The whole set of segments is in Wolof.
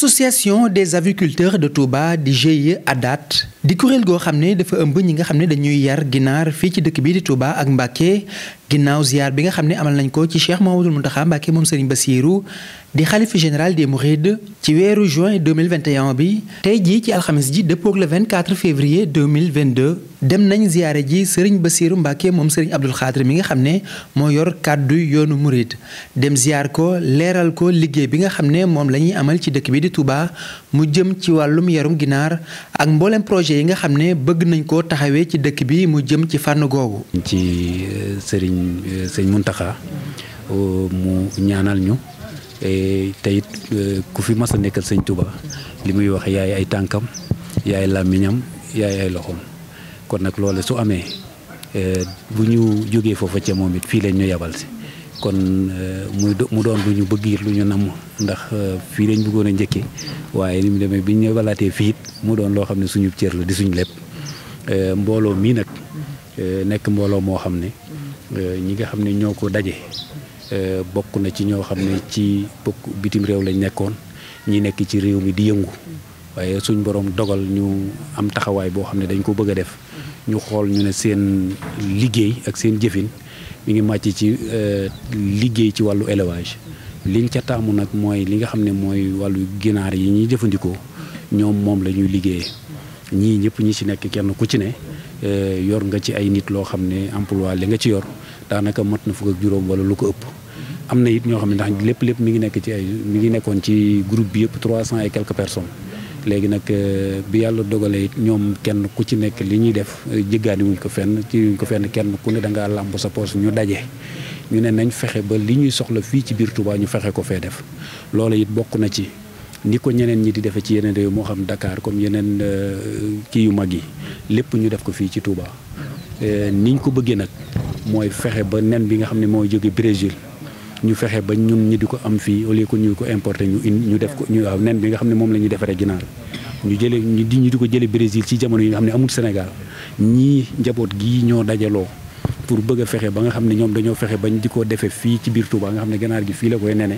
L'association des aviculteurs de Touba di GIE à date di kuréel goo xam ne dafa ëmb ñi nga xam ne dañuy yar ginaar fii ci dëkk bii di Touba ak Mbacke ginnaaw ziar bi nga xam ne amal nañ ko ci Cheikh Mouhamadoul Mountakha Mbacke moom Serigne Bassirou di général des Mourides ci weeru juin 2021 bi tey jii ci alxamis ji dëppoog le 24 février 2022 dem nañ ziare ji Serigne Bassirou Mbacke moom Serigne Abdoul Khadre mi nga xam ne moo yor kàddu yoonu Mouride dem ziar ko leeral ko liggéey bi nga xam ne moom la ñuy amal ci dëkk bii di Touba mu jëm ci wàllum yarum ginaar ak mboolem projet yi nga xam ne bëgg nañ koo taxawee ci dëkk bi mu jëm ci fànn googu. ci sëriñ sëñ Muntaxa mu ñaanal ñu te it euh, ku fi mas a nekkal sëñ tubaa li muy wax yaay ay tànkam yaay làmmiñam yaay ay loxoom kon nag loole su amee euh, bu ñu jógee foofa ca moom it fii leen ñu yabal si. kon euh, muy mu doon lu ñu bëgg it lu ñu nam ndax euh, fii lañ bëggoon a njëkke waaye ni mu demee biñ ñu walaatee fii mu doon loo xam ne suñu cër la di suñu lépp euh, mbooloo mii nag nekk mbooloo moo xam ne ñi nga xam ne ñoo ko daje bokk na ci ñoo xam ne ci bokk bitim réew lañ nekkoon ñi nekk ci réew mi di yëngu waaye suñ borom dogal ñu am taxawaay boo xam ne dañ ko bëgg a def ñu xool ñu ne seen liggéey ak seen jëfin mi ngi màcc ci euh, liggéey ci wàllu élevage liñ ca taamu nag mooy li nga xam ne mooy wàllu ginaar yi ñuy jëfandikoo ñoom moom la ñuy liggéeyee ñii ñëpp ñi ci nekk kenn ku ci ne euh, yor nga ci ay nit loo xam ne emploi li nga ci yor daanaka mat na fukk ak juróom wala lu ko ëpp am na it ñoo xam ne ndax lépp lépp mi ngi nekk ci ay mi ngi nekkoon ci groupe bi yëpp trois cent et quelques personnes léegi nag euh, bi yàlla dogalee it ñoom kenn ku ci nekk li ñuy def euh, jéggaani wuñ ko fenn ci wuñ ko fenn kenn ku ne da ngaa làmb sa poos ñu daje. ñu ne nañ fexe ba li ñuy soxla fii ci biir Touba ñu fexe ko fee def loolu it bokk na ci ni ko ñeneen ñi di defee ci yeneen réew moo xam dakaar comme yeneen euh, kii yu mag yi lépp ñu def ko fii ci Touba niñ ko bëggee nag mooy fexe ba nen bi nga xam ne mooy jóge Brésil. ñu fexe ba ñun ñi di ko am fii au lieu que ñu ko importe ñu ñu def ko ñu waaw nen bi nga xam ne moom la ñuy defaree ginaar ñu jëlee ñu di ñu di ko jëlee Brésil ci jamono yi nga xam ne amul Sénégal ñii njaboot gii ñoo dajaloo pour bëgg fexe ba nga xam ne ñoom dañoo fexe bañ di ko defee fii ci biir Touba nga xam ne ganaar gi fii la koy nene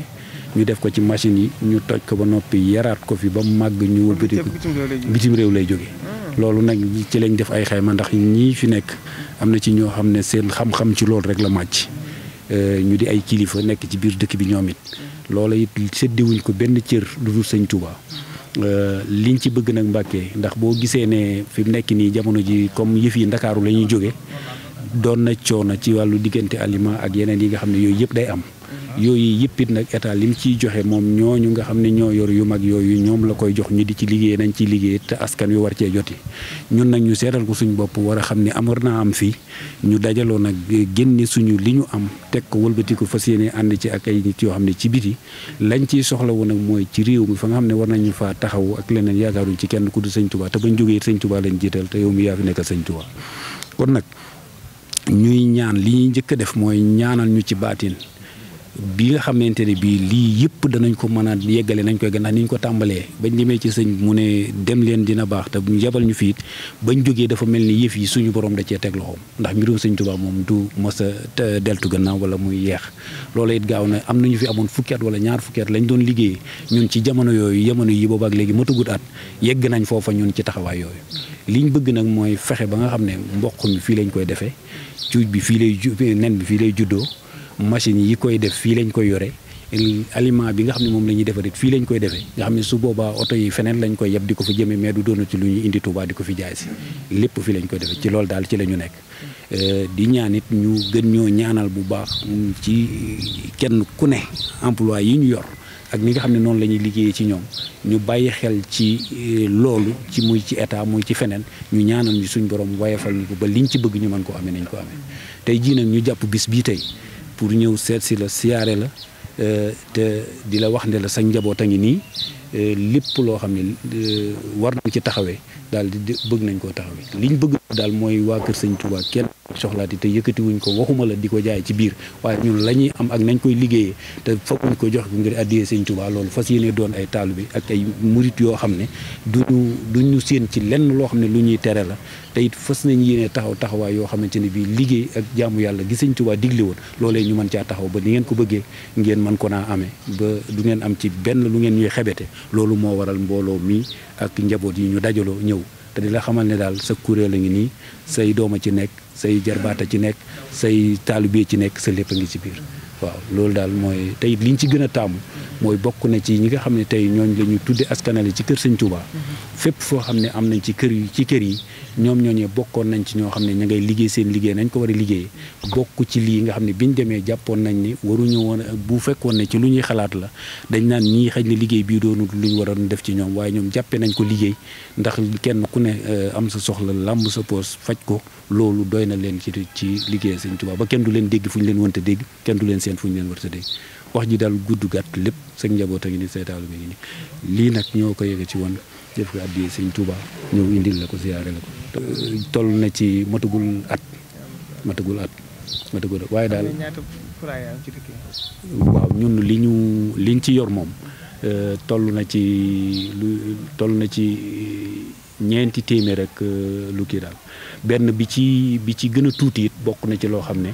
ñu def ko ci machine yi ñu toj ko ba noppi yaraat ko fi ba màgg ñu bitim réew lay jóge ah. loolu nag ci lañ def ay xayma ndax ñii fi nekk am na ci ñoo xam ne seen xam ci loolu rek la màcc Euh, ñu di ay kilifa nekk ci biir dëkk bi ñoom it mm-hmm. loola it séddiwuñ ko benn cër lu dul sëñ Touba mm-hmm. euh, liñ ci bëgg nag Mbàkke ndax boo gisee ne fi mu nekk nii jamono ji comme yëf yi Ndakaaru la ñuy jóge doon na coono ci wàllu diggante aliment ak yeneen yi nga xam ne yooyu yëpp day am yooyu yëpp it nag état lim ciy joxe moom ñooñu nga xam ne ñoo yor yu mag yooyu ñoom la koy jox ñu di ci liggéey nañ ci liggéey te askan wi war cee joti ñun nag ñu seetal ko suñ bopp war a xam ni amoon naa am fii ñu dajaloon nag génne suñu li ñu am teg ko wëlbati ko fas yéene ànd ci ak ay nit yoo xam ne ci biti lañ ciy soxla woon nag mooy ci réew mi fa nga xam ne war nañu faa taxaw ak leneen yaakaaruñ ci kenn ku du sëñ Tuubaa te bañ jógee sëñ Tuubaa lañ jiital te yow mi yaa fi kon nag ñuy ñaan li njëkk a def mooy ñaanal ñu ci baatin bi nga xamante ne bii lii yëpp danañ ko mën a yeggale nañ koy gën ndax ni ñu ko tàmbalee bañ demee ci sëñ mu ne dem leen dina baax te ñu yebal ñu fiit bañ jógee dafa mel ni yëf yi suñu borom da cee teg loxoom ndax mbirum sëñ Tuubaa moom du mos a deltu gannaaw wala muy yeex loolu it gaaw na am na ñu fi amoon fukki at wala ñaar fukki at lañ doon liggéey ñun ci jamono yooyu jamono yi boobaak léegi matagut at yegg nañ foofa ñun ci taxawaay yooyu liñ bëgg nag mooy fexe ba nga xam ne mboq mi fii lañ koy defee cuuj bi fii lay nen bi fii lay juddoo machine yi koy def fii lañ koy yore aliment bi nga xam ne moom la ñuy defarit fii lañ koy defee nga xam ne su boobaa oto yi feneen lañ koy yeb di ko fa jëmee mais du lu ñuy indi ko fi jaay si lépp fii lañ koy defee ci loolu daal ci la ñu nekk euh, di ñaan it ñu gën ñoo ñaanal bu baax ci kenn ku ne emploi yi ñu yor ak ni nga xam ne noonu la ñuy liggéeyee ci ñoom ñu bàyyi xel ci euh, loolu ci muy ci état muy ci feneen ñu ñaanal ñu suñ borom wayefal ñu ko ba liñ ci bëgg ñu mën koo amee nañ ko amee tey jii nag ñu jàpp bis bii tey pour ñëw seet si la siyaare la euh, te di la wax nde la sa njaboot a ngi nii euh, lépp loo xam ne euh, war na ci taxawee daal di bëgg nañ koo taxawee liñ bëgg daal mooy waa kër sëñ Touba kenn soxlaati te yëkkatiwuñ ko waxuma la di ko jaay ci biir waaye ñun la ñuy am ak nañ koy liggéeyee te fokkuñ ko jox ngir addiyee sëñ loolu fas yéene doon ay taalibe ak ay murit yoo xam ne duñu duñu séen ci lenn loo xam ne lu ñuy tere la te it fas nañ yéene taxaw taxawaay yoo xamante ne bii liggéey ak jaamu yàlla gi sëñ Touba digle woon loolee ñu mën caa taxaw ba li ngeen ko bëggee ngeen mën ko naa amee ba du ngeen am ci benn lu ngeen ñuy xebete loolu moo waral mbooloo mi ak njaboot yi ñu dajaloo ñëw te di xamal ne daal sa kuréel a ngi nii say doom a ci nekk say jarbaata ci nekk say taalibe ci nekk sa lépp a ngi ci biir waaw loolu daal mooy tey liñ ci gën a taamu mooy bokk na ci ñi nga xam ne tey ñooñ lañu tuddee tudde askanale ci kër sëñ Touba mm-hmm. fépp foo xam ne am nañ ci kër yi ci kër yi ñoom ñoo ñooñee bokkoon nañ ci ñoo xam ne ña ngay liggéey seen liggéey nañ ko war a liggéey bokk ci lii nga xam ne biñ demee jàppoon nañ ni waruñu woon bu fekkoon ne ci lu ñuy xalaat la dañ naan ñii xëy na liggéey bii doonul lu ñu waroon def ci ñoom waaye ñoom jàppe nañ ko liggéey ndax kenn ku ne euh, am sa soxla làmb sa poos faj ko loolu doy na leen ci ci liggéey Sëñ Tuubaa ba kenn du leen dégg fu ñu leen wante dégg kenn du leen seen fu ñu leen wante dégg wax ji daal gudd gàtt lépp sëñ njaboot a ngi ni say taalibe bi ngi ni lii nag ñoo ko yëge ci woon def ko addi sëñ Touba ñëw indil la ko ziyaare la ko euh, toll na ci matagul at matagul at matagul at waaye daal waaw ñun li ñu li liñ ci yor moom euh, toll na ci lu na ci ñeenti téeméer rek euh, lu kii daal benn bi ci bi ci gën a tuuti it bokk na ci loo xam ne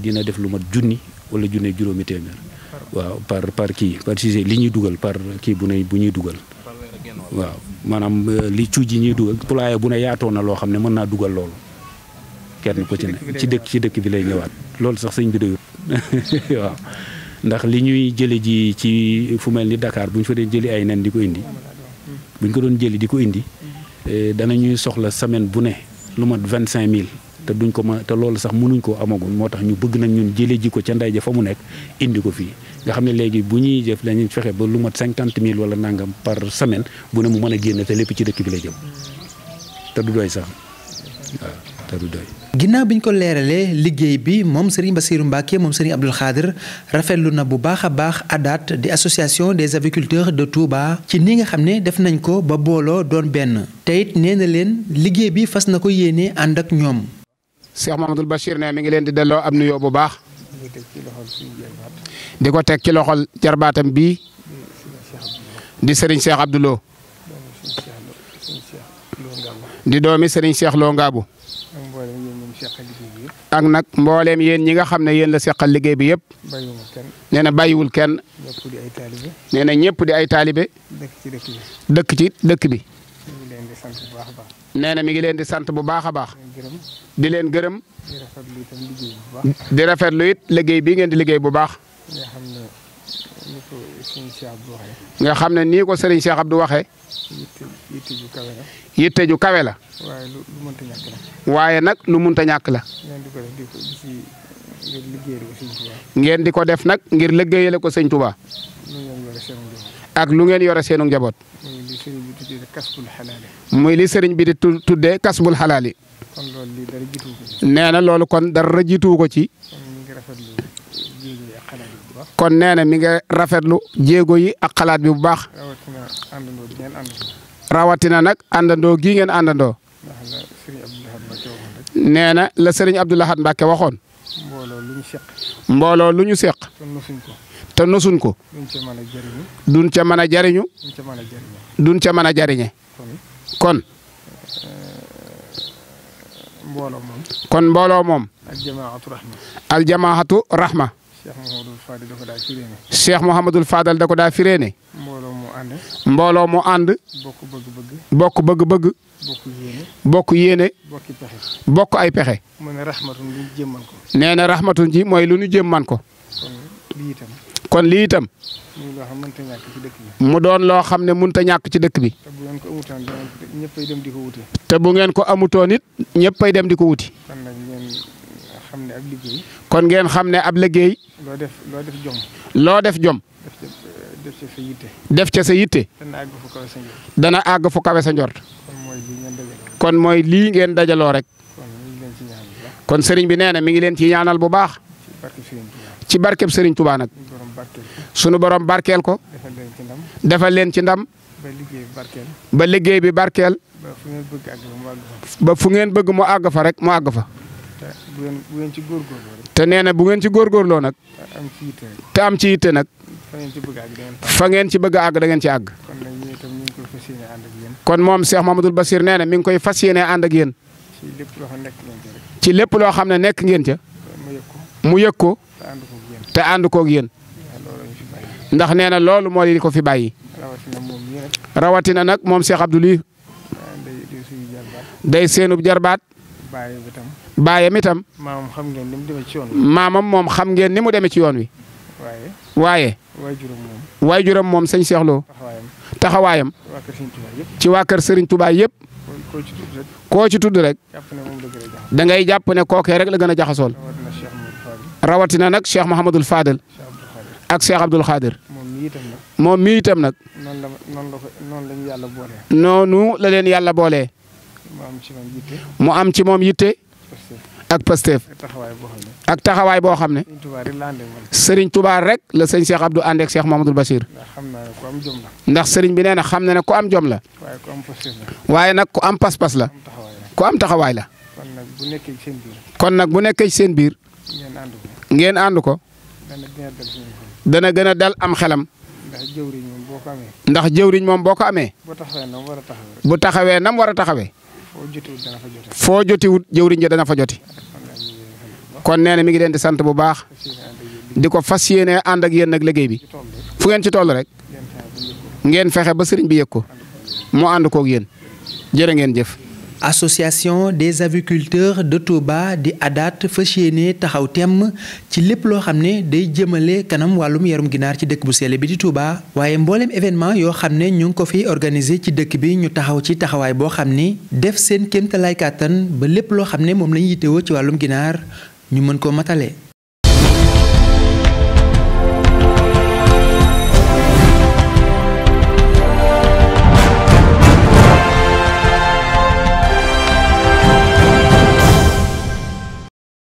dina def lu mat junni wala junne juróomi téeméer waaw par par kii par sujet li ñuy dugal par kii bu ne bu ñuy dugal waaw maanaam euh, li cuuj yi ñuy dugal poulailler bu ne yaatoo na loo xam ne mën naa dugal loolu kenn ku ci ci dëkk ci dëkk bi lay ñëwaat loolu sax sëñ bi doyut waaw ndax li ñuy jële ji ci fu mel ni dakaar bu ñu fa dee jëli ay nen di ko indi bu ñu ko doon jëli di ko indi eh, dana ñuy soxla semaine bu ne lu mat vingt cinq mille te duñ ko mën te loolu sax mënuñ koo amaguñ moo tax ñu bëgg nag ñun jëlee ji ko ca nday ja fa mu nekk indi ko fii nga xam ne léegi bu ñuy def dañuy fexe ba lu mat cinquante mille wala nangam par semaine bu ne mu mën a génn te lépp ci dëkk bi la jëm te du doy sax waaw te du doy. ginnaaw bi ñu ko leeralee liggéey bi moom Serigne Bassirou Mbacké moom Serigne Abdoul Khadir rafetlu na bu baax a baax adaat di association des aviculteurs de Touba ci ni nga xam ne def nañ ko ba booloo doon benn te nee na leen liggéey bi fas na ko yéene ànd ak ñoom. Cheikh Mamadou Bachir ne mi ngi leen di delloo am nuyoo bu baax. di ko teg ci loxol jarbaatam bii. di Serigne Cheikh Abdou di doomi Serigne Cheikh Lo Ngaabu. ak nag mbooleem yéen ñi nga xam ne yéen la seqal liggéey bi yépp nee na kenn. nee na ñëpp di ay taalibe. dëkk ci dëkk bi. nee na mi ngi leen di sant bu baax a baax. di leen gërëm. di rafetlu it liggéey bi ngeen di liggéey bu baax. nga xam ne nii ko Serigne Cheikh du waxee. yitte kawe la. yitte waaye nag lu mënta ñàkk la. ngeen di ko def nag ngir liggéeyale ko Sëñ Touba. ak lu ngeen yore seenu njaboot. li muy li sëriñ bi di tuddee kasbul xalaali. kon loolu nee na loolu kon dara jiituwu ko ci. kon nee na mi nga rafetlu jéego yi ak xalaat bi bu baax. rawatina nag àndandoo gii ngeen àndandoo. nee na la sëriñ Abdoul Ahad Mbacke waxoon. mbooloo lu ñu seq. te nosuñ ko. duñ ca mën a jariñu. duñ ca mën a jariñu. duñ ca mën a jariñe. kon. Eh, mbooloo moom. kon mbooloo moom. aljamaatu rahma. aljamaatu rahma. cheikh Mouhamadul Fadal da ko daa firéene. mbooloo mu ànd. mbooloo mu ànd. bokk bëgg-bëgg. bokk bëgg-bëgg. bokk yéene. ay pexe. mu ne ji mooy lu ñu jëmman ko. kon lii itam. mu doon loo xam ne mënut a ñàkk ci dëkk bi. te bu ngeen ko amutoon ñëppay dem di ko wuti. te bu ngeen ko amutoon it ñëppay dem di ko wuti. kon ngeen xam ne ab liggéey. kon ngeen xam ne ab liggéey. loo def loo def jom. loo def jom. def ca sa yitte. dana àgg fu kawe sa kon mooy lii ngeen dajaloo rek. kon sëriñ bi nee na mi ngi leen ci ñaanal bu baax. ci barkeb Serigne Touba nag. sunu boroom barkeel ko. defal leen ci ndam. ba liggéey bi barkeel. ba fu ngeen bëgg mu àgg fa rek mu àgg fa. te nee na bu ngeen ci góor góorloo nag. te am ci yitte nag. fa ngeen ci bëgg àgg dangeen ci àgg. kon moom seex moom Bassir nee na mi ngi koy fas yéene ànd ak yéen. ci lépp loo xam ne nekk ngeen ca. mu ko. mu yëg ko. te ànd koog yéen ndax nee na loolu moo di ko fi bàyyi rawatina nag moom Cheikh lii day seenub jarbaat baayam itam maamam moom xam ngeen ni mu demee ci yoon wi waaye waajuram moom sëñ Cheikh taxawaayam ci waa kër Serigne Touba yëpp koo ci tudd rek da jàpp ne kookee rek la gën a jaxasool rawatina nag Cheikh Mouhamadul Fadel ak Cheikh Abdoul Khadir moom mii itam nag noonu la leen yàlla boole mu am ci moom yitte ak Pastef ak taxawaay boo xam ne Serigne Touba rek la sëñ Cheikh Abdou ànd ak Cheikh Mamadou Bachir ndax Serigne bi nee na xam na ne ko am jom la waaye nag ku am pas-pas la ku am taxawaay la kon nag bu nekkee ci ngeen ànd ko. ngeen ànd ko. dana gën a dal am xelam. ndax jëwriñ moom boo ko amee. ndax jëwriñ moom boo ko amee. bu taxawee nam war a taxawee. bu taxawee nam war a taxawee. foo jotiwut jëwriñ ja dana fa joti. kon nee na mi ngi leen di sant bu baax. di ko fas yéene ànd ak yéen nag liggéey bi. fu ngeen ci toll rek. ngeen fexe ba sëriñ bi yëg ko. moo ànd koog yéen. jërë jëf. association des aviculteurs de Touba di ADAT fas yéene taxaw temm ci lépp loo xam ne day jëmale kanam wàllum yarum ginaar ci dëkk bu sell bi di Touba. waaye mboolem événement yoo xam ne ñu ngi ko fiy organiser ci dëkk bi ñu taxaw ci taxawaay boo xam ni def seen kéemtalaay kàttan ba lépp loo xam ne moom lañu yittewoo ci wàllum ginaar ñu mën ko matale.